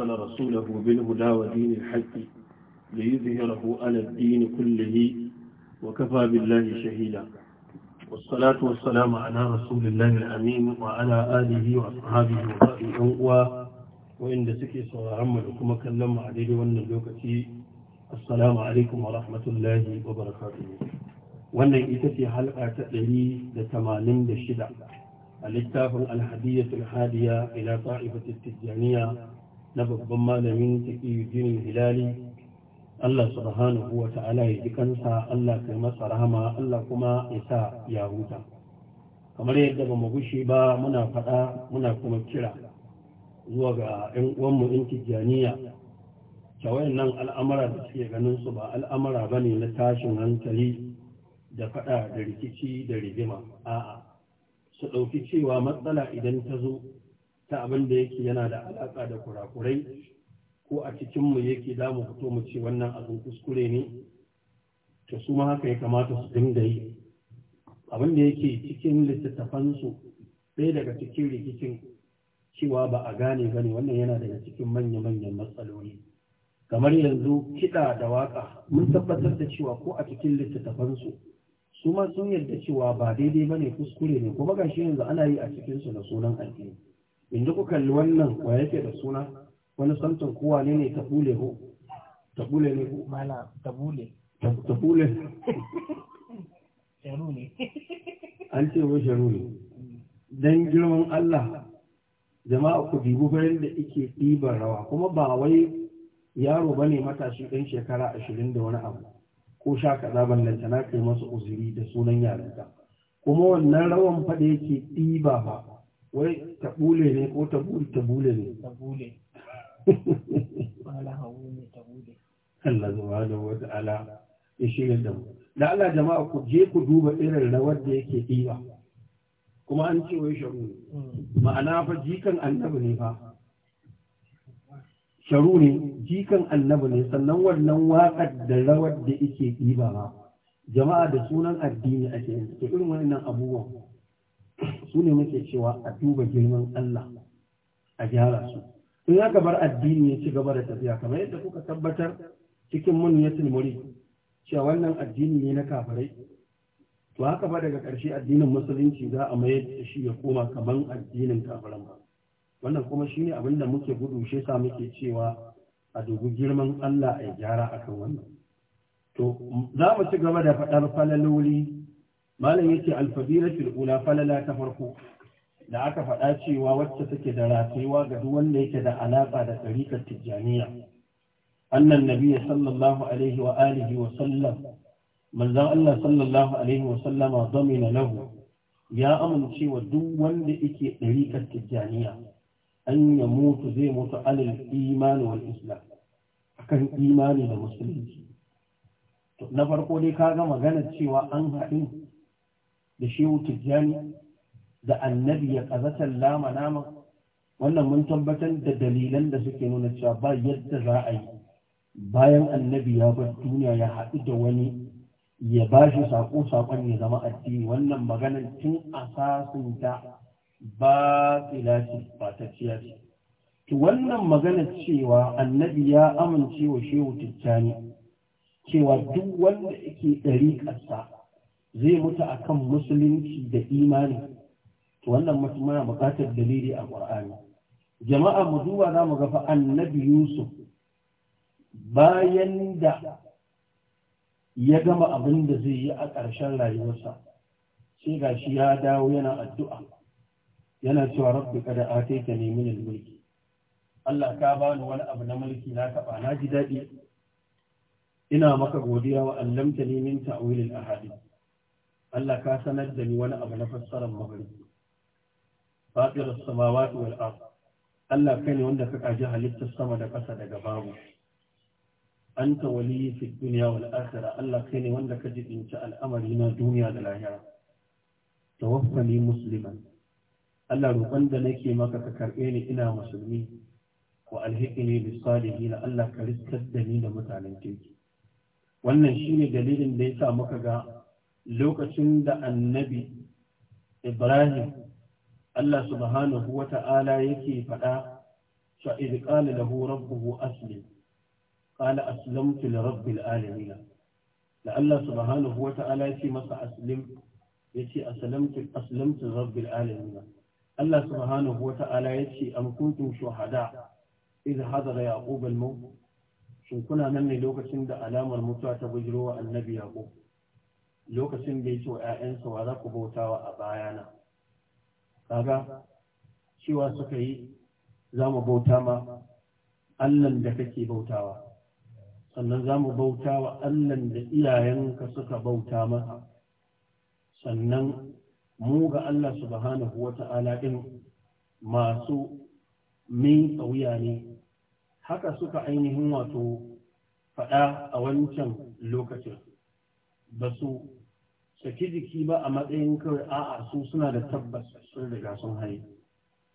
أرسل رسوله بالهدى ودين الحق ليظهره على الدين كله وكفى بالله شهيدا والصلاة والسلام على رسول الله الأمين وعلى آله وأصحابه وصحبه وإن دسكي صلى عملكم كلم عليه والنلوكة السلام عليكم ورحمة الله وبركاته wannan ita ce halka ta ɗari da tamanin da shida a littafin alhadiyatul hadiya ila ta'ifatul tijjaniya na babban malamin taqiyuddin hilali Allah subhanahu wa ta'ala ya ji kansa Allah kai masa rahama Allah kuma ya sa ya huta kamar yadda ba mu gushe ba muna faɗa muna kuma kira zuwa ga 'yan uwanmu 'yan tijjaniya Kyawai, nan al'amara da suke ganin su ba al'amara ba ne na tashin hankali da faɗa da rikici da rigima a'a su ɗauki cewa matsala idan ta zo ta abin da yake yana da alaƙa da kurakurai ko a cikinmu yake da mu fito mu ce wannan abin kuskure ne to su ma haka ya kamata su dinga yi abin da yake cikin littattafansu ɗaya daga cikin rikicin cewa ba a gane ba ne wannan yana daga cikin manya-manyan matsaloli kamar yanzu kiɗa da waƙa mun tabbatar da cewa ko a cikin littattafansu su ma sun yarda cewa ba daidai ba ne kuskure ne kuma gashi yanzu ana yi a cikinsu da sunan addini in ji ku kalli wannan wa yake da suna wani santan kowa ne ne ta bule ho ta ne ko mala ta bule ta bule an ce wai sharu ne dan girman Allah jama'a ku dibu bayan da ike ɗiban rawa kuma ba wai yaro bane matashi ɗan shekara ashirin da wani abu ko sha kaza nan tana kai masa uzuri da sunan yaranta kuma wannan rawan fa da yake ɗiba ba wai ta bule ne ko ta bule ta bule ne ta bule Allah subhanahu wa ta'ala ya shirya da mu da Allah jama'a ku je ku duba irin rawar da yake diba kuma an ce wai sharu mm. ma'ana fa jikan annabi ne fa sharu ne jikan annabi ne sannan wannan waƙar da rawar da yake diba ma jama'a da sunan addini ake yin irin wannan abubuwan su ne muke cewa a duba girman Allah a gyara su in aka bar addini ya ci gaba da tafiya kamar yadda kuka tabbatar cikin mun ya tilmuri cewa wannan addini ne na kafirai to haka ba daga ƙarshe addinin musulunci za a mayar da shi ya koma kaman addinin kafiran ba wannan kuma shine abin da muke gudu shi sa muke cewa a dubi girman Allah a gyara akan wannan to za mu ci gaba da faɗar falaloli malam yace alfabilatul ula falala ta farko da aka faɗa cewa wacce take da ratayuwa ga duk wanda yake da alaƙa da tsarikar tijjaniya annan nabiyyi sallallahu alaihi wa alihi wa sallam manzon Allah sallallahu alaihi wa sallama damina lahu ya amince wa duk wanda yake ɗarikar tijjaniya an ya mutu zai mutu alal imani wal islam akan imani da musulunci To na farko dai ka ga maganar cewa an haɗu da shehu tijjani da annabi ya ƙazatar lama nama wannan mun tabbatar da dalilan da suke nuna cewa ba yadda za a yi bayan annabi ya bar duniya ya haɗu da wani ya ba shi saƙo saƙon ya zama addini wannan maganar tun asasin ta ba ce ba ta ciya ce to wannan maganar cewa annabi ya amince wa shehu tijjani cewa duk wanda yake ɗari ƙasa zai mutu akan musulunci da imani to wannan mutum muna buƙatar dalili a ƙur'ani jama'a mu duba za mu ga fa annabi yusuf bayan da ya gama abin da zai yi a ƙarshen rayuwarsa sai ga shi ya dawo yana addu'a yana cewa rabbi kada a taita ne mulki Allah ka bani wani abu na mulki na taɓa na ji daɗi ina maka godiya wa allamta ne min ta'awilin ahadith Allah ka sanar da ni wani abu na fassarar mafarki fatirar samawati wal ard Allah kai ne wanda ka kaji halittar sama da ƙasa daga babu anta waliyyi fi dunya wal akhirah Allah kai ne wanda ka jibinci al'amari na duniya da lahira tawaffani musliman Allah roƙon da nake maka ka karɓe ni ina musulmi wa alhiqni bis salihin Allah ka riskar da ni da mutanen kirki wannan shine dalilin da yasa muka ga lokacin da annabi ibrahim allah subhanahu wa ta'ala yake faɗa sha'id ƙala lahu rabbuhu aslim ƙala aslamtu li rabbil alamin da allah subhanahu wa ta'ala yake masa aslim yace aslamtu aslamtu li rabbil alamin Allah subhanahu wa ta'ala ya ce, Am kuntum shuhada, idh hadara Yaqub al-maut, shin kuna nan ne lokacin da alamar mutuwa ta bujiro wa annabi Yaqub? lokacin da ya ce wa ‘ya'yansa wa za ku bautawa a na? kaga cewa suka yi za mu bauta ma Allahn da kake bautawa sannan za mu bauta wa Allahn da iyayenka suka bauta masa sannan mu ga Allah subhanahu wa ta'ala ɗin masu min sauya ne haka suka ainihin wato faɗa a wancan lokacin ba su saki jiki ba a matsayin kawai a'a su suna da tabbas sun riga sun haye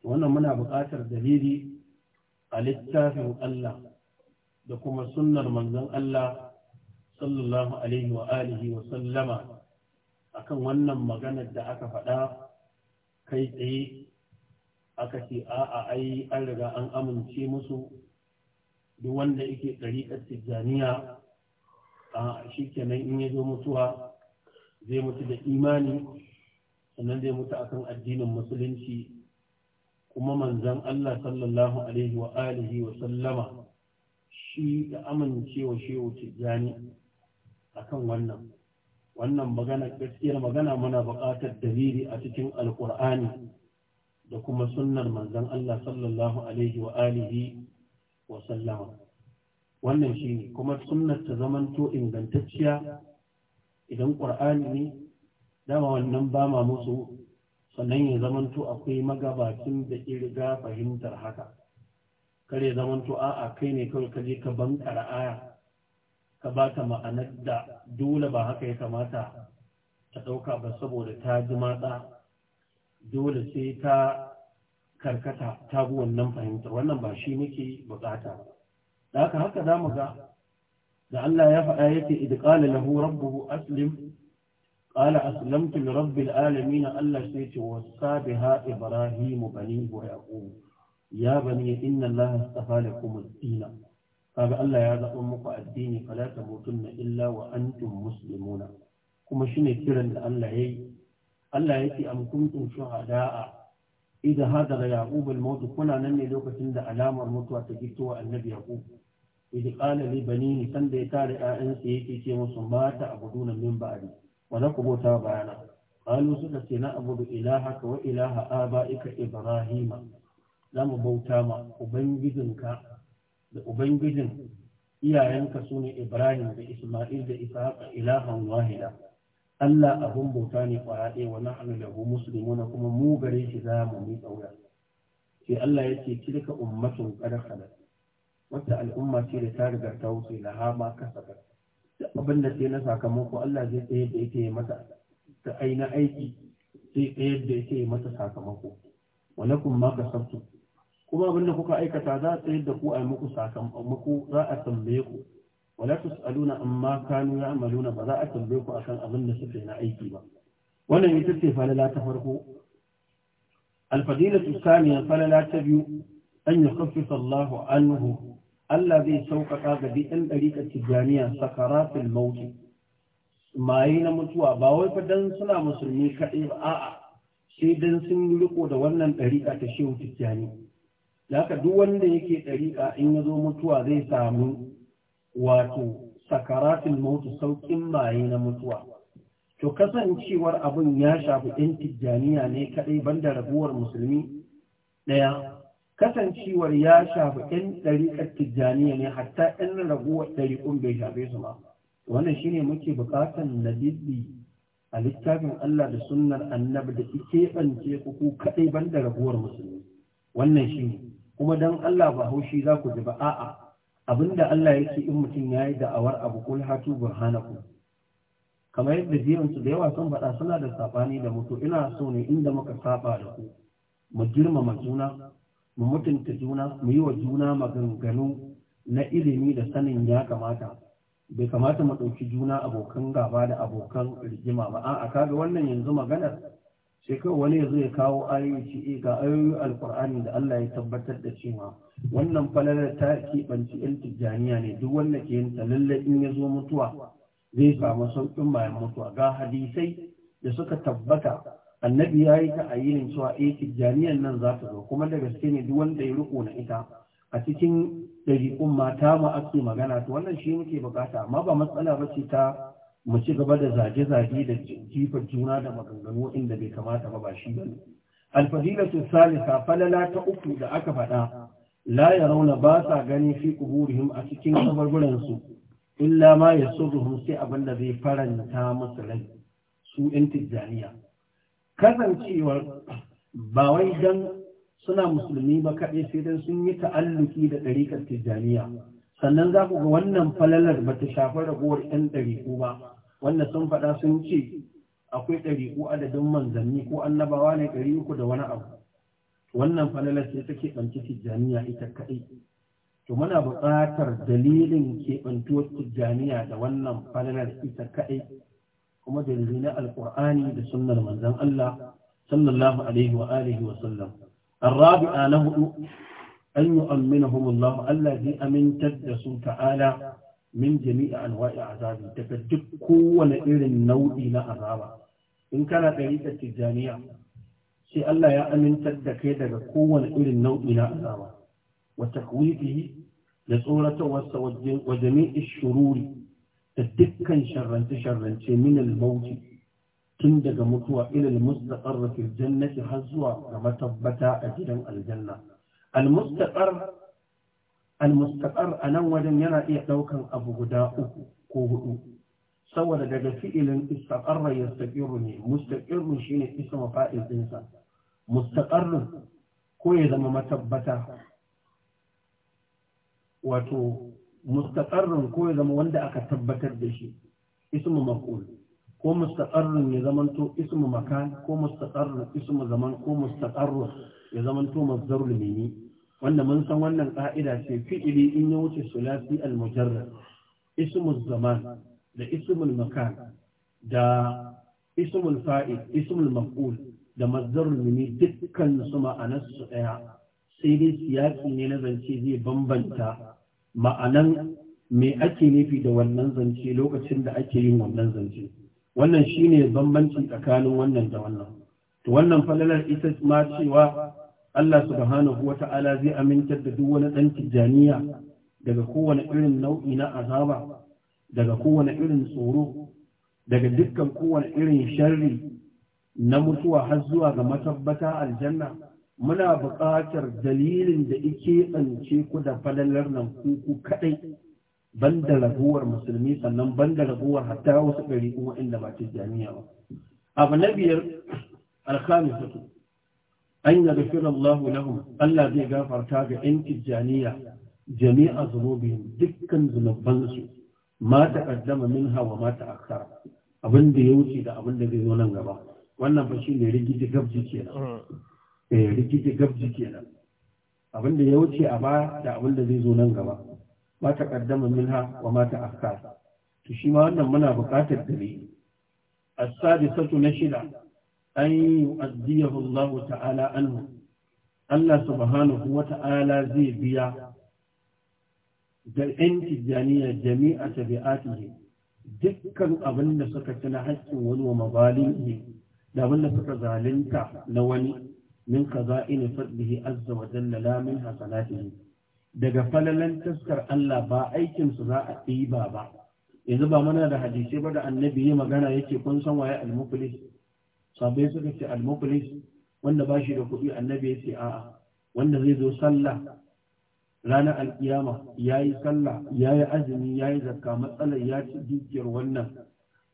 wannan muna buƙatar dalili a littafin Allah da kuma sunnar manzon Allah sallallahu alaihi wa alihi wa sallama akan wannan maganar da aka faɗa kai tsaye aka ce a'a ai an riga an amince musu duk wanda yake ɗariƙar tijjaniya a shi kenan in ya zo mutuwa zai mutu da imani sannan zai mutu akan addinin musulunci kuma manzan Allah sallallahu alaihi wa alihi wa sallama shi da amincewa shehu tijjani akan wannan wannan magana gaskiyar magana muna buƙatar dalili a cikin alkur'ani da kuma sunnar manzan Allah sallallahu alaihi wa alihi wa sallama wannan shi ne kuma sunnar ta zamanto ingantacciya idan ƙur'ani ne dama wannan ba ma musu sannan ya zamanto akwai magabacin da irga fahimtar haka kar ya zamanto a'a kai ne kawai ka je ka bankara aya ka ba ta ma'anar da dole ba haka ya kamata ta ɗauka ba saboda ta ji matsa dole sai ta karkata ta bi wannan fahimtar wannan ba shi muke bukata ba da haka haka za mu ga da Allah ya faɗa yake idqala lahu rabbuhu aslim qala aslamtu li rabbil alamin Allah sai ce wasabiha ibrahim bani wa yaqub ya bani inna Allah astafa lakum ad-din kaga Allah ya zaɓa muku addini fala tamutunna illa wa antum muslimuna kuma shine kiran da Allah yayi Allah yake am kuntum shuhada'a idan hadara yaqub al-maut kuna nan ne lokacin da alamar mutuwa ta fito annabi yaqub idi qala li banini san da ta da ayan su yake ce musu mata abuduna min ba'di wa na kubo ta bayana qalu suka ce na abudu ilaha wa ilaha abaika ibrahima zamu bauta ma ubangijinka ubangijin iyayenka sune ibrahim da isma'il da isaaqa ilahan wahida Allah abun bauta ne kwaraɗe wa nahnu lahu muslimuna kuma mu gare shi zamu mu mi tsaura sai Allah yake cika ummatun kada kada wata al'umma ce da ta riga ta wuce na hama kasa ka duk abin da sai na sakamako Allah zai tsaye da yake mata. ta aina aiki sai tsaye da yake mata sakamako walakum ma kasabtu kuma abin da kuka aikata za a tsayar da ku a yi muku sakamako za a tambaye ku wala tusaluna amma kanu ya'maluna ba za a tambaye ku akan abin da suke na aiki ba wannan ita ce falala ta farko alfadilatu thaniya falala ta biyu an yakhaffifa Allahu anhu Allah zai sauƙaƙa ga biɗin ɗariƙa tijjaniya sakaratul mauti maye na mutuwa ba wai fa dan suna musulmi kaɗai ba a'a sai dan sun yi riko da wannan ɗariƙa ta shehu tijjani da haka duk wanda yake ɗariƙa in ya zo mutuwa zai samu wato sakaratul mauti sauƙin maye na mutuwa to kasancewar abin ya shafi 'yan tijjaniya ne kaɗai banda raguwar musulmi ɗaya kasancewar ya shafi ɗan ɗariƙar tijjaniya ne hatta ɗan raguwar ɗariƙun bai shafe su ba wannan shine muke buƙatar na a littafin Allah da sunnar annabi da keɓance ku ku kaɗai ban da raguwar musulmi wannan shi ne kuma don Allah ba haushi za ku ji ba a'a abinda Allah ya in mutum ya yi da'awar abu kul hatu burhanaku kamar yadda jiyansu da yawa sun faɗa suna da saɓani da mutu ina so ne inda muka saba da ku mu girmama juna mu mutunta juna mu yi wa juna maganganu na ilimi da sanin ya kamata bai kamata mu ɗauki juna abokan gaba da abokan rigima ba a kaga wannan yanzu maganar sai kawai wani ya zo ya kawo ayoyi ce eh, ga ayoyi alkur'ani da Allah ya tabbatar da cewa wannan falalar ta keɓanci yan tijjaniya ne duk wanda ke yin talalla in ya zo mutuwa zai samu sauƙin bayan mutuwa ga hadisai da suka tabbata annabi ya yi ta'ayyinin cewa eh tijjaniyar nan za ta zo kuma da gaske ne duk wanda ya riko na ita a cikin ɗariƙun mata mu ake magana ta. wannan shi muke bukata amma ba matsala ba ce ta mu ci gaba da zage-zage da jifar juna da maganganu inda bai kamata ba ba shi ba ne sun salisa falala ta uku da aka faɗa la ya rauna ba sa gani fi kuburihim a cikin kabarburansu illa ma ya surruhum sai abin da zai faranta musu rai su 'yan tijjaniya kasancewar ba wai dan suna musulmi ba kaɗai sai dan sun yi ta'alluki da ɗarikar tijjaniya sannan za ku ga wannan falalar ba ta shafi raguwar 'yan ɗariƙu ba wanda sun faɗa sun ce akwai ɗariƙu adadin manzanni ko annabawa ne ɗari uku da wani abu wannan falalar sai take ɗanci tijjaniya ita kaɗai to muna buƙatar dalilin keɓantuwar tijjaniya da wannan falalar ita kaɗai kuma jirgi na alƙur'ani da sunnar manzan Allah sallallahu alaihi wa na hudu an amina Allah Allah zai amintar da su ta'ala min jami'a anwa'i azabi daga duk kowane irin nau'i na azaba in kana ɗari da tijaniya sai Allah ya amintar da kai daga kowane irin nau'i na azaba wa takwidi da tsoratar wasa wa jami'i shururi da dukkan sharrance-sharrance min al-mauti tun daga mutuwa ilal mustaqar fil jannati har zuwa ga matabbata a gidan aljanna al-mustaqar al-mustaqar anan wajen yana iya daukan abu guda uku ko hudu saboda daga fi'ilin istaqarra yastaqiru ne mustaqirru shine ismu fa'il dinsa mustaqarrun ko ya zama matabbata wato mustaqarrun ko ya zama wanda aka tabbatar da shi ismu maf'ul ko mustaqarrun ya zamanto ismu makan ko mustaqarrun ismu zaman ko mustaqarrun ya zamanto mazdarul mini wanda mun san wannan ka'ida ce fi'ili in ya wuce sulasi al-mujarrad ismu zaman da ismu makan da ismu fa'il ismu maf'ul da mazdarul mini dukkan su ma'anarsu daya sai dai siyasi ne na zance zai bambanta ma'anan me ake nufi da wannan zance lokacin da ake yin wannan zance wannan shine bambanci tsakanin wannan da wannan to wannan falalar ita ma cewa Allah subhanahu wata'ala zai amintar da duk wani dan tijjaniya daga kowane irin nau'i na azaba daga kowane irin tsoro daga dukkan kowane irin sharri na mutuwa har zuwa ga matabbata aljanna muna buƙatar dalilin da ike tsance ku da falalar nan ku kaɗai ban da raguwar musulmi sannan ban da raguwar hatta wasu ɗari kuma inda ba ta jami'a ba abu na biyar alkhamisatu an yi gafira Allah lahum Allah zai gafarta ga yan tijjaniya jami'a zunubihim dukkan zunubansu ma taqaddama min hawa ma ta'akhkhara abin da ya wuce da abin da zai zo nan gaba wannan fa ne rigidi gabji kenan mm. eh rikici gabji kenan abin da ya wuce a ba da abin da zai zo nan gaba Ba ta kaddama minha wa ma ta afka to shi ma wannan muna buƙatar dare as-sadisatu na shida an yu'addiyahu Allah ta'ala anhu Allah subhanahu wa ta'ala zai biya da ‘yan tijjaniya jami'a tabi'atihi dukkan abin da suka ci na haƙƙin wani wa mabalin da abin da suka zalunta na wani min kaza fadlihi azza wa jalla la min hasanatihi daga falalan taskar Allah ba aikin su za a ɗiba ba yanzu ba muna da hadisi ba da annabi ya magana yake kun san waye al-muflis sabai suka ce al-muflis wanda ba shi da kuɗi annabi ya ce a'a wanda zai zo sallah ranar alkiyama ya yi sallah ya yi azumi ya yi zakka matsalar ya ci dukiyar wannan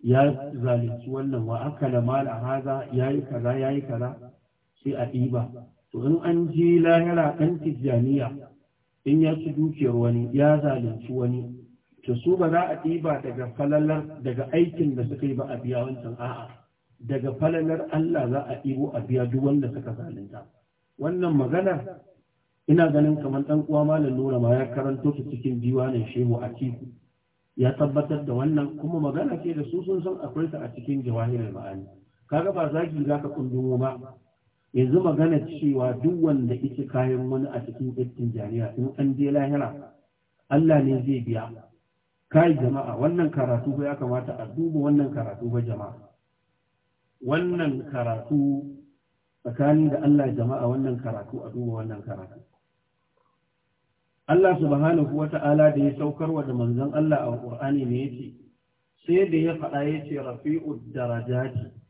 ya zalunci wannan wa aka da mala haza ya yi kaza ya yi kaza sai a ɗiba to in an je lahira ɗan tijjaniya in ya ci dukiyar wani ya zalunci wani to su ba za a ɗiba daga falalar daga aikin da suka yi ba a biya wancan a'a daga falalar Allah za a ɗibo a biya duk wanda suka zalunta wannan maganar ina ganin kamar ɗan uwa malam nura ma ya karanto ta cikin diwanin shehu a tiku ya tabbatar da wannan kuma magana ce da su sun san akwai ta a cikin jawahirin ma'ani kaga ba zagi ka kundumo ba yanzu magana cewa duk wanda yake kayan wani a cikin ittin jariya in an je lahira Allah ne zai biya kai jama'a wannan karatu ba ya kamata a duba wannan karatu ba jama'a wannan karatu tsakanin da Allah jama'a wannan karatu a duba wannan karatu Allah subhanahu wata'ala da ya saukarwa da manzon Allah a Qur'ani ne yace sai da ya faɗa yace rafi'ud darajati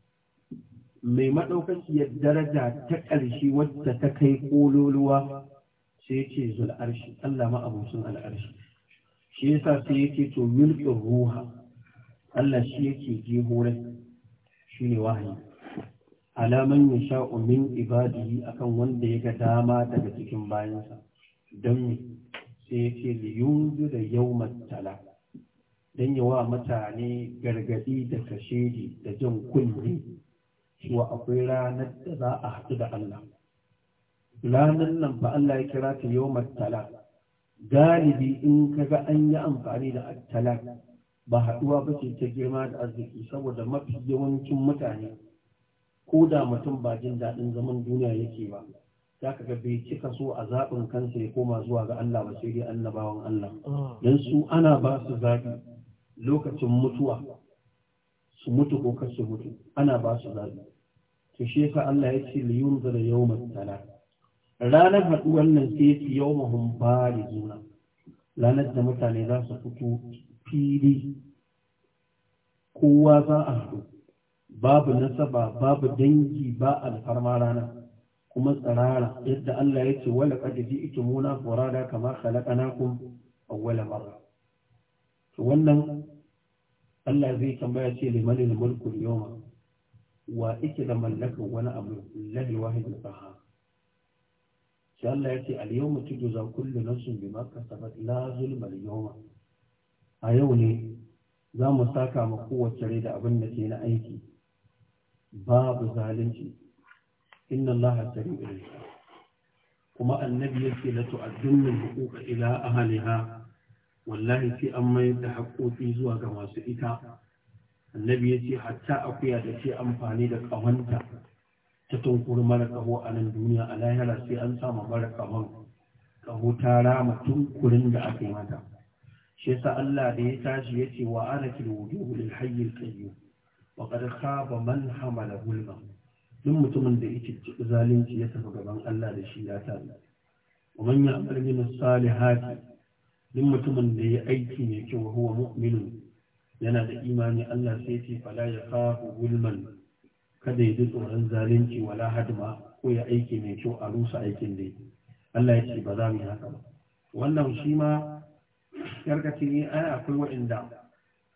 mai maɗaukakiyar daraja ta ƙarshe wadda ta kai ƙololuwa sai ya ce zul arshi Allah ma abusun al'arshi shi ya sa sai ya ce to milkin ruha Allah shi yake jeho rai shi ne wahayi alaman ya sha'u min ibadihi akan wanda ya ga dama daga cikin bayansa don me sai ya ce liyunzu da yau matala don yawa mutane gargadi da kashedi da jan kunne cewa akwai ranar da za a haɗu da Allah ranar nan ba Allah ya kira ta yau martala, galibi in ka ga an yi amfani da attala ba haɗuwa ba ce ta girma da arziki saboda mafi yawancin mutane ko da mutum ba jin daɗin zaman duniya yake ba za ka ga bai cika so a zaɓin kansa ya koma zuwa ga Allah ba sai dai annabawan Allah don su ana ba su zaɓi lokacin mutuwa su mutu ko kar su mutu ana ba su zaɓi to shi Allah ya ce li yunzara yawmat tala ranar haɗuwar nan sai ya ce yawmahum juna. ranar da mutane za su fito fili kowa za a haɗu babu nasaba babu dangi ba alfarma rana kuma tsarara, yadda Allah ya ce wala qad muna furada kama khalaqnakum awwala marra to wannan Allah zai tambaya ce liman mulku al wa ike da mallakar wani abu lahi wahid da saha shi Allah ya ce al-yawma tujza kullu nafsin bima kasabat la zulma al-yawma a yau ne za mu saka ma kowace rai da abin da ke na aiki babu zalunci inna Allah sari'ul kuma annabi yake la tu'addun al-huquq ila ahliha wallahi sai an yadda da haƙoƙi zuwa ga masu ita annabi ya ce hatta akuya da ce amfani da ƙahonta ta tunkuri mara kaho a nan duniya a lahira sai an sama mara ƙahon ƙaho ta rama tunkurin da aka yi mata shi yasa Allah da ya tashi ya ce wa ana kil wujuhu lil hayyil qayyum wa qad khaba man da gulma. duk mutumin da yake zalunci ya tafi gaban Allah da shi ya tafi wa man ya'mal salihati duk mutumin da ya aiki mai kyau huwa mu'minun yana da imani Allah sai ce fala ya kafu gulman kada ya ji tsoron zalunci wala hadma ko ya aiki mai kyau a rusa aikin dai Allah ya ce ba za mu yi haka ba wannan shi ma yarkaci ne ai akwai waɗanda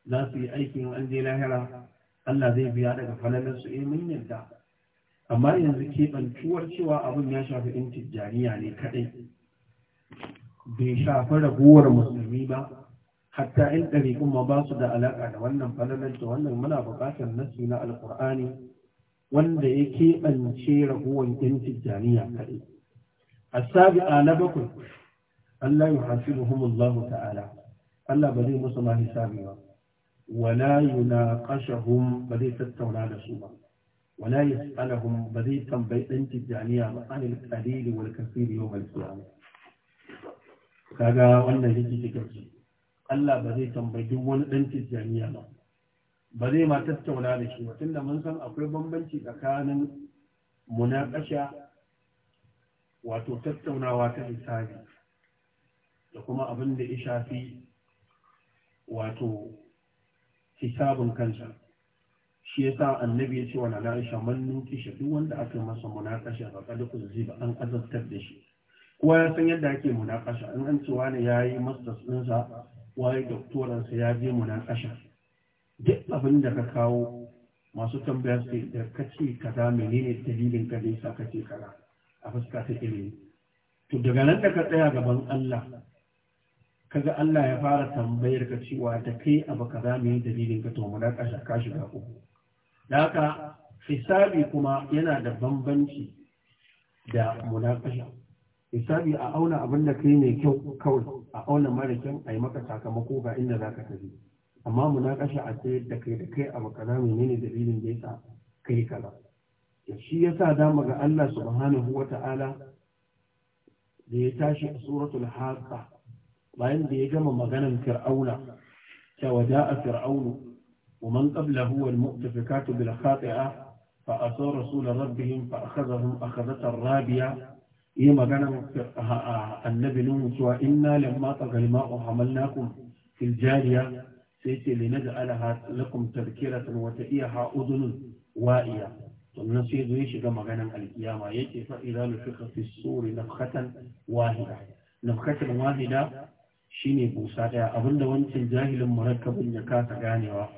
za su yi aikin an je lahira Allah zai biya daga falalar su eh mun yarda amma yanzu keɓantuwar cewa abin ya shafi in tijjaniya ne kaɗai bai shafi raguwar musulmi ba hatta in ɗariƙun ma ba su da alaƙa da wannan falalar wannan muna buƙatar nasi na alƙur'ani wanda ya keɓance raguwan ƴan tijjaniya kaɗai asabi'a na bakwai Allah ya hasibuhum Allah ta'ala Allah ba zai musu ma hisabi ba wala yunaqashahum ba zai tattauna da su ba ولا يسألهم ba بيت انت الجانية عن القليل والكثير يوم القيامة كذا وانا يجي تكفي Allah ba zai tambayi wani ɗan tijjaniya ba ba zai ma tattauna da shi ba, da mun san akwai bambanci tsakanin munakasha wato tattaunawa ta hisabi da kuma abin da ya shafi wato hisabin kansa shi ya sa annabi ya ce wa na'isha man nuki duk wanda aka masa munakasha ba kada ku ba an azabtar da shi kowa ya san yadda ake munakasha in an ce wani ya yi masa ɗinsa waye doktoransa ya je munakasha duk abin da ka kawo masu tambaya su da ka ce kaza menene dalilin ka ne sa ka ce kaza a fuska ta ilimi to daga nan da ka tsaya gaban Allah kaga Allah ya fara tambayar ka cewa da kai abu kaza me dalilin ka to munakasha ka shiga uku da haka hisabi kuma yana da bambanci da munakasha hisabi a auna abin da kai mai kyau kawai a auna mara kyan a yi maka sakamako ga inda za ka tafi amma munakasha a tsayar da kai da kai a kaza menene dalilin da yasa kai kaza shi yasa sa dama ga Allah subhanahu Ta'ala da ya tashi a suratul haqa bayan da ya gama maganan fir'auna ta a fir'aunu wa man qablahu wal mu'tafikatu bil khati'a fa asara rasul rabbihim fa akhadhahum akhadhatan rabiya yi magana annabi nuhu cewa inna lamma tsagal a hamalnakum fil jariya sai ce li naj'alaha lakum tadhkiratan wa ta'iha udunun wa'iya sannan sai zo shiga maganan alkiyama yake fa idza nufiqa fi suri nafkhatan wahida nafkhatan wahida shine busa daya abinda wancan jahilin murakkabin ya kasa ganewa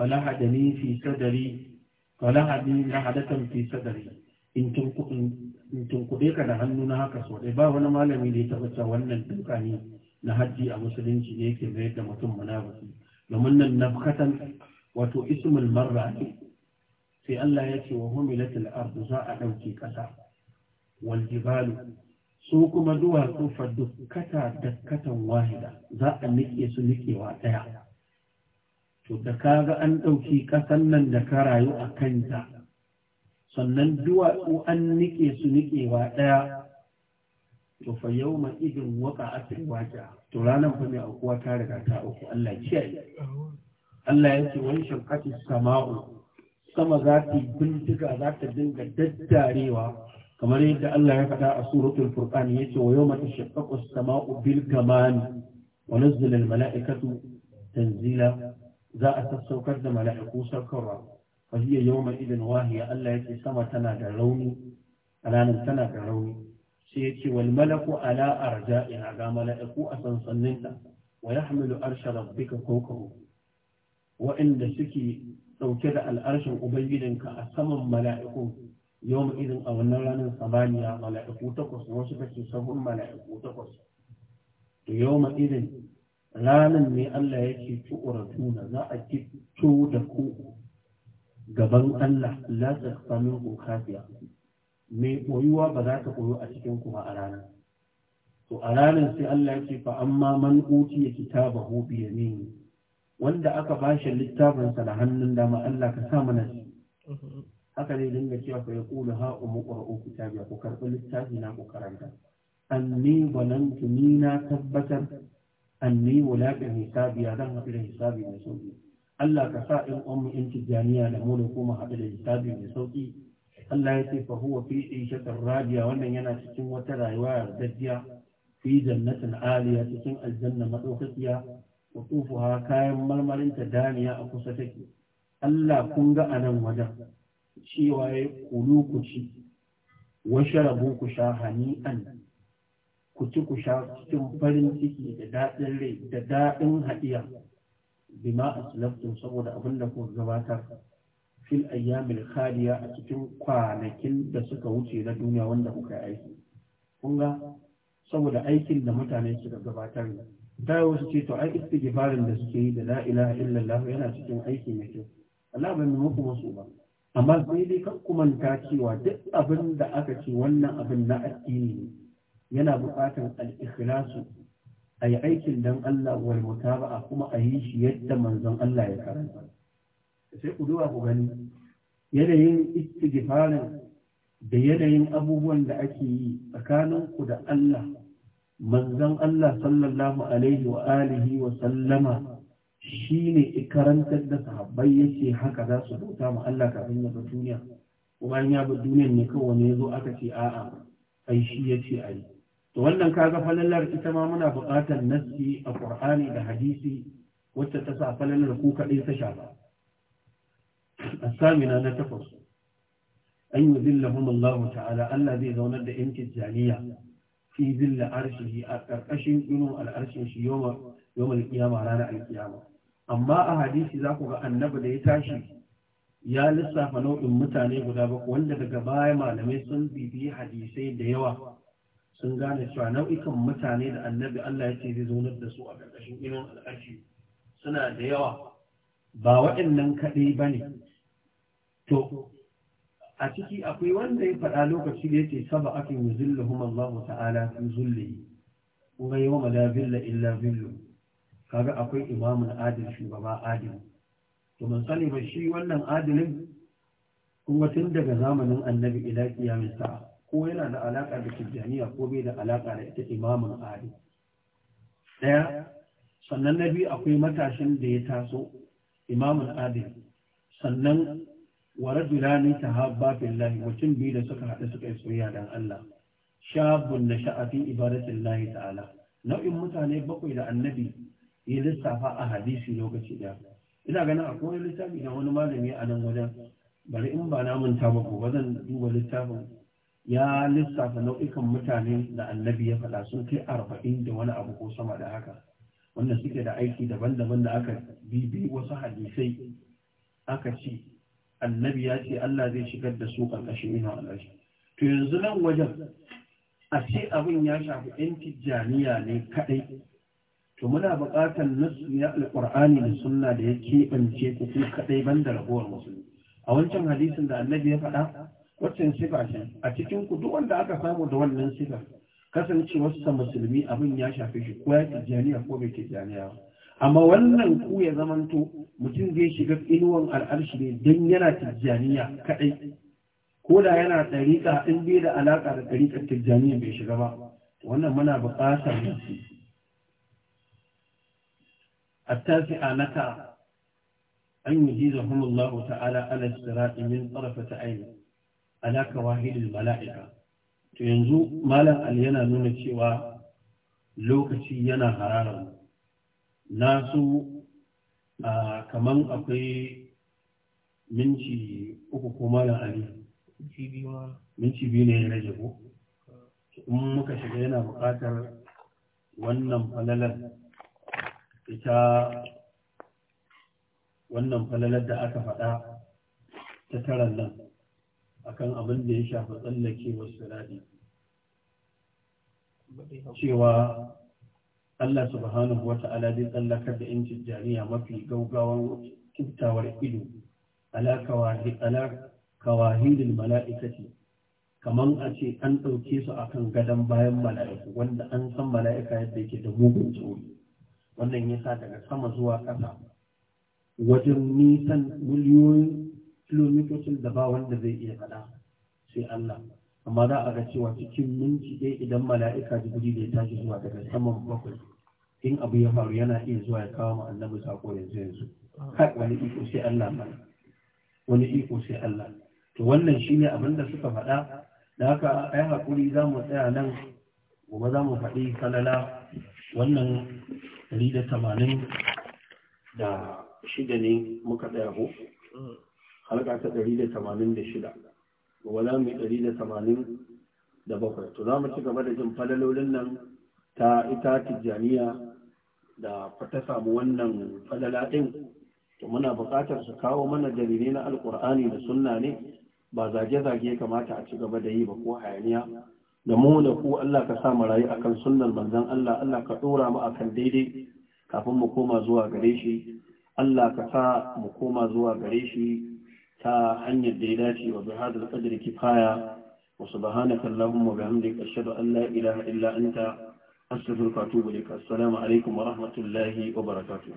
falaha dani fi sadari falaha dani lahadatan fi sadari in tun mutum kuɗe ka da hannu na haka so ɗaya ba wani malami da ya taɓa cewa wannan duka ne na hajji a musulunci ne yake mayar da mutum munafiki domin nan nafkatan wato ismul marra ne sai Allah ya ce wa humilatul ardu za a ɗauki ƙasa wal jibalu su kuma duwatsu fa dukkata dakkatan wahida za a nike su nikewa ɗaya to da kaga an ɗauki ƙasan nan da ka rayu a kanta sannan duwatsu an nike su nikewa ɗaya to fa yau ma idin waka a waka to ranar fa mai aukuwa ta riga ta auku Allah ce. Allah ya ce wani shakkati sama'u sama za ta bindiga za ta dinga daddarewa kamar yadda Allah ya faɗa a suratul furqan yace wa yawma tashaqqaqu as-sama'u bil kamani wa nazzala malaikatu tanzila za a sassaukar da mala'iku saukarwa fa hiya yawma idin wahiya Allah ce sama tana da rauni ranar tana da rauni sai yace wal malaku ala arja'iha ga mala'iku a sansannin ta wa yahmilu arsha rabbika fawqahu wa'inda suke ɗauke da al'arshin ubangijinka a saman mala'iku yawma idin a wannan ranar samaniya mala'iku takwas wasu kace sabon mala'iku takwas to yawma idin ranan ne Allah yake na, za a kito da ku gaban Allah la ta sami ku kafiya mai koyuwa ba za ta koyo a cikin ku ba a ranar to a ranar sai Allah ya ce fa amma man uti ya kitaba hu bi wanda aka bashi littafin sa da hannun dama Allah ka sa mana shi mm-hmm. haka ne dinga cewa fa yaqulu ha umu qra'u kitabiya ku karbi littafi na ku karanta anni walantu ni na tabbatar anni wala bi ya dan haɗu da hisabi mai sauki Allah ka sa in uwan mu in da mu da kuma haɗu da hisabi mai sauƙi Allah ya ce fa huwa fi ishatar radiya wannan yana cikin wata rayuwa yardajiya fi jannatin aliya cikin aljanna madaukakiya kutufuha kayan marmarin ta daniya a kusa take Allah kun ga anan wajen cewa ya kulu ku ci wa sharabu ku sha hani'an ku ci ku sha cikin farin ciki da daɗin rai da daɗin haɗiya bima aslaftum saboda abin da kuka gabatar fil ayyamil khaliya a cikin kwanakin da suka wuce na duniya wanda kuka yi aiki kun ga saboda aikin da mutane suka gabatar da. da wasu ce to ai istighfarin da suke yi da la ilaha illallah yana cikin aiki mai kyau Allah bai muku musu ba amma sai dai kan manta cewa duk abin da aka ce wannan abin na addini ne yana buƙatar al-ikhlasu a yi aikin don Allah ba a kuma a yi shi yadda manzon Allah ya karanta sai ku duba ku gani yanayin istighfarin da yanayin abubuwan da ake yi tsakanin ku da Allah manzon Allah sallallahu alaihi wa alihi wa sallama shine ikarantar da sahabbai yace haka za su bauta ma Allah kafin ya bar duniya kuma in ya bar duniyar ne kawai ne yazo aka ce a'a ai shi yace ai Da wannan kaga falalar ita ma muna buƙatar nassi a ƙur'ani da hadisi wacce ta sa falalar ku kaɗai ta A Samina na takwas an yi zillahum Allah ta'ala Allah zai zaunar da yan tijjaniya fi zilla arshihi a ƙarƙashin inu al'arshin shi yawmal kiyama ranar alkiyama amma a hadisi za ku ga annabi da ya tashi ya lissafa nau'in mutane guda bakwai wanda daga baya malamai sun bibiyi hadisai da yawa sun gane cewa nau'ikan mutane da annabi Allah ya ce zai zaunar da su a ƙarƙashin irin al'ashi suna da yawa ba waɗannan kaɗai ba ne to a ciki akwai wanda ya faɗa lokaci da ya ce saba akin yi zulluhum Allah ta'ala fi zullihi kuma yi wa madabilla illa billu kaga akwai imamun adil shugaba adil to mun sani ba shi wannan adilin kuma tun daga zamanin annabi ila kiyamin sa'a ko yana da alaƙa da tijjaniya ko bai da alaƙa da ita imamun ali ɗaya sannan na biyu akwai matashin da ya taso imamun adi. sannan wa rajulani tahabba billahi mutum biyu da suka haɗu suka yi soyayya dan Allah shabun na sha'afin lahi ta'ala nau'in mutane bakwai da annabi ya lissafa a hadisi lokaci ɗaya ina ganin akwai littafi na wani malami a nan wajen bari in ba na manta ba gobe zan duba littafin ya lissafa nau'ikan mutane da annabi ya faɗa sun kai arba'in da wani abu ko sama da haka wanda suke da aiki daban-daban da aka bibi wasu hadisai aka ce annabi ya ce Allah zai shigar da su ƙarƙashin ina alashi to yanzu nan wajen a ce abin ya shafi yan tijjaniya ne kaɗai to muna buƙatar nasu ya alƙur'ani da sunna da ya keɓance ku kaɗai ban da ragowar musulmi a wancan hadisin da annabi ya faɗa waccan sifa a cikin ku duk wanda aka samu da wannan sifar, kasancewar musulmi abin ya shafe shi ko ya tijaniya ko bai tijaniya ba amma wannan ku ya zamanto mutum zai shiga inuwan al'arshi ne don yana tijjaniya kaɗai ko da yana ɗariƙa in bai da alaƙa da ɗariƙar tijjaniya bai shiga ba wannan muna buƙatar yanzu attasi a naka an yi jiza Allah ta'ala ala sirati min ta aini ala kawahilil mala'ika to yanzu malam ali yana nuna cewa lokaci yana harara na so a kaman akwai minci uku ko malam ali minci biyu ne ya rage ko in muka shiga yana buƙatar wannan falalar ita wannan falalar da aka faɗa ta taron nan akan abin da ya shafi tsallake tsallakewar sirari cewa Allah subhanahu wata'ala zai tsallakar da inci jariya mafi gaugawar kiftawar ido ala mala'ika mala'ikati kamar a ce an ɗauke su akan gadon bayan mala'iku wanda an san mala'ika yadda yake da mugun tsoro wannan yasa daga sama zuwa ƙasa wajen nisan miliyoyin kilomitocin da ba wanda zai iya faɗa sai Allah amma za a ga cewa cikin minti ɗaya idan mala'ika da ya tashi zuwa daga saman bakwai in abu ya faru yana iya zuwa ya kawo annabi sako yanzu yanzu kai wani iko sai Allah ma wani iko sai Allah to wannan shine abin da suka faɗa da haka ai hakuri za mu tsaya nan gobe za mu faɗi falala wannan 180 da shida ne muka tsaya ko mm. harka ta 186 gobe za mu yi 187 to za mu ci gaba da jin falalolin nan ta ita tijjaniya da ta samu wannan falala ɗin to muna buƙatar su kawo mana dalilai na alƙur'ani da sunna ne ba zage-zage kamata a ci gaba da yi ba ko hayaniya da mu da ku Allah ka sa mu rayu akan sunnar manzon Allah Allah ka dora mu akan daidai kafin mu koma zuwa gare shi Allah ka sa mu koma zuwa gare shi ta hanyar da ya dace wa bihadar qadri kifaya wa subhanaka allahumma wa bihamdika ashhadu an la ilaha illa anta astaghfiruka wa atubu ilaik assalamu alaikum wa rahmatullahi wa barakatuh